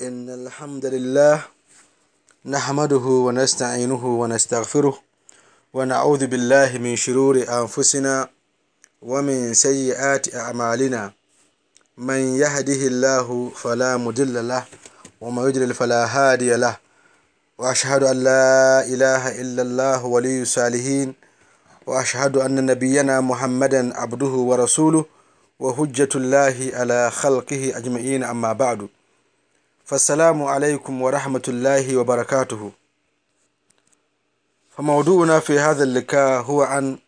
إن الحمد لله نحمده ونستعينه ونستغفره ونعوذ بالله من شرور أنفسنا ومن سيئات أعمالنا من يهده الله فلا مضل له ومن يضلل فلا هادي له وأشهد أن لا إله إلا الله ولي الصالحين وأشهد أن نبينا محمدا عبده ورسوله وحجة الله على خلقه أجمعين أما بعد fالsalam alaykum warahmaةالlahi wabarakath famوduna فi hadذa الlika huwa an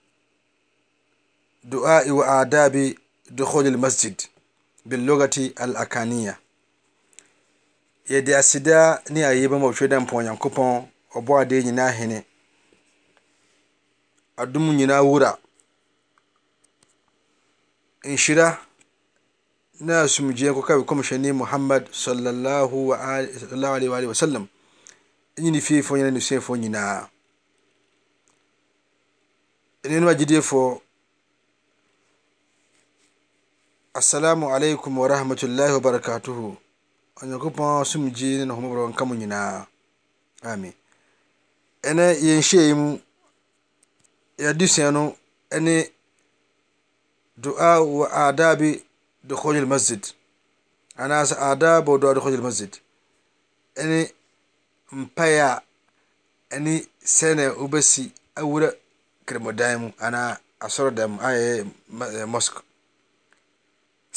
duai waadabi dholi الmasjid biالlugati alakaniya ydi asida ni ayiba mobseden poyankpo oboadeyina hine adumyina wura inshira na sumjikkabikomeseni muhamad la l wlii wasalam yini fi foysfo yinaa anenma jide fo asalamu aleikum warahmatulahi wabarakatuhu ykpa sumji nenfumkamu yinaa ami ane yasheimu ya disenu ani dua aadabi eeasdaabɔdɔade ɔyele mase i paa ni sɛn obasi awura keremodim aaasɔdosc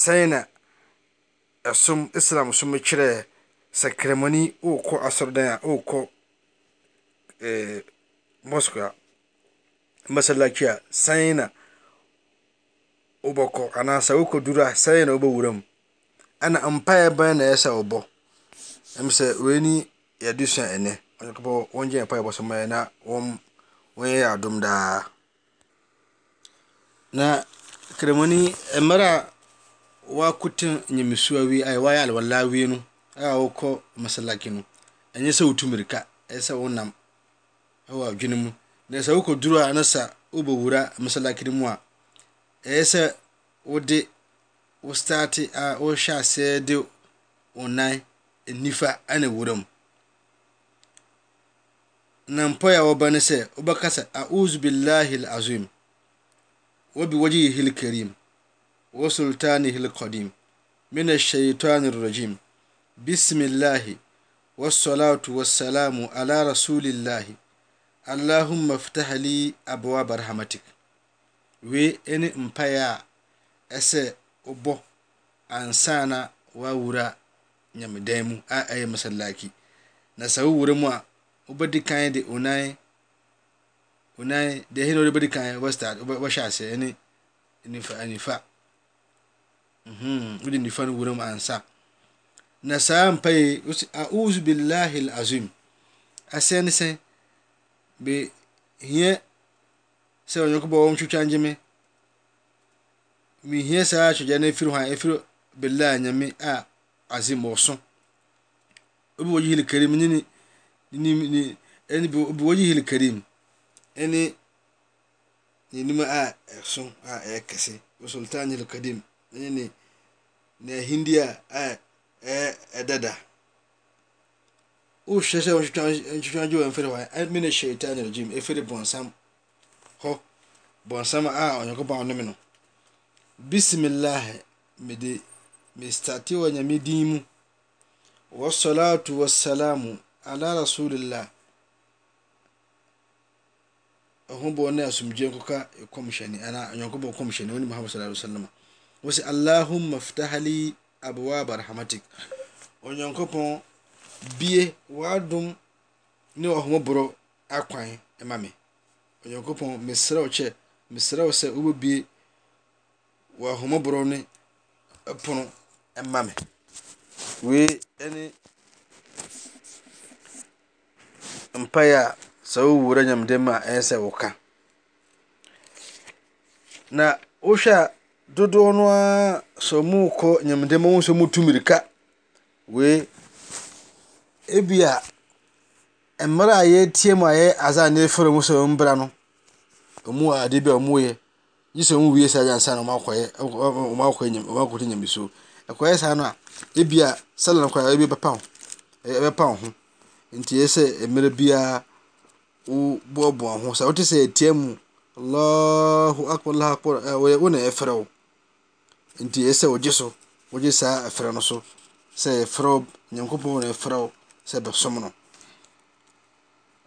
sɛina islam somcirɛ sakeremni kɔ asɔdkɔscmasalaasa knasa woko dr sɛnaobewuram n pan sɛ bo s ni adsnepd mer wakute ymsuwewaallawek mesla yesɛ ka sɛnaswkodasa wobewaa meslakm ɛyɛ sɛ wode wo staate a wohyɛ aseɛ de wo nan nifa ɛne wura mu na mpɔyɛ a wɔba ne sɛ wobɛka sɛ auzu billahi lazim wobi wɔgye yehil karim wo sultane hil kadim min ashaitan rajim bismillahi wasalatu wasalamu ala rasulillahi allahumma ftah li abwab rahmatik wei ne mpaeɛ a ɛsɛ wobɔ ansa na wawura nyamedan mu a ɛyɛ masalaki na sɛ wowura mu a wobɛdi kan de onan onan deɛ ɛhɛ na wode bɛdi kan westard wobɛhyɛ aseɛ ne nifa nifa mhm, wode nifa no wura mu ansa na saa mpaeɛ a'udhu billahi alazim asɛn ne sɛn bi hiɛ. se oyankeb wo twatageme mehia sa cigane fri h fri bila yame a asim oson obewihekarem bewoyi hilkadem ne enim a eson a kese sultanhilcadem ne ahindiadada oese wagifr mne sheitan regem efere bonsan bonsɛma a nykpa numɛn bismilah satwa nyamidiimu wasolatu wassalamu ala rasulila fu b neasmɔa kknmuhd sa salam se alahuma ftahale abowabarahamati uykpa bie wa dum ne a fum bur a k mam oyankpɔn mesrɛ ɛ mesrɛ sɛ wobbie wɔahomborɔ ne pon mam ei n mpaia sɛ wowera nyamedamu a ɛɛsɛ woka na wohwɛ a dodoɔ no a sɛ mukɔ nyamedam wosɛmutumirika ei bia mmerɛ a yɛretie mu a ɛyɛ azane firi mu sɛ ɔmbra no ɔmu wɔ bi a yɛ yi sɛ ɔmu wie saa na ɔmu akɔyɛ ɔmu akɔyɛ nyam ɔmu akɔyɛ ɛkɔyɛ saa no a ebi a sɛlɛn kora ebi bɛpa ho ɛbɛpa ho nti yɛ sɛ mmerɛ biara wo boaboa ho saa sɛ etie mu ɛɛ na wo nti yɛ sɛ wɔgye so wɔgye saa no so sɛ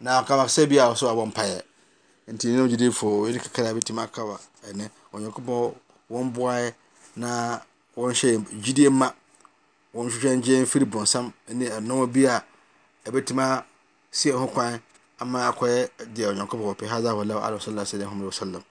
ksɛbia sbɔpaɛ ntiyideefokkra bɛtimi kawa nɛ yankpɔ wa boa na wahyɛ gyidee ma wɔwwe fri bɔsam e nɔ bia bɛtimia sieho kan ama akɔɛ gɛ onyankpɔpɛhaaalsa wasalm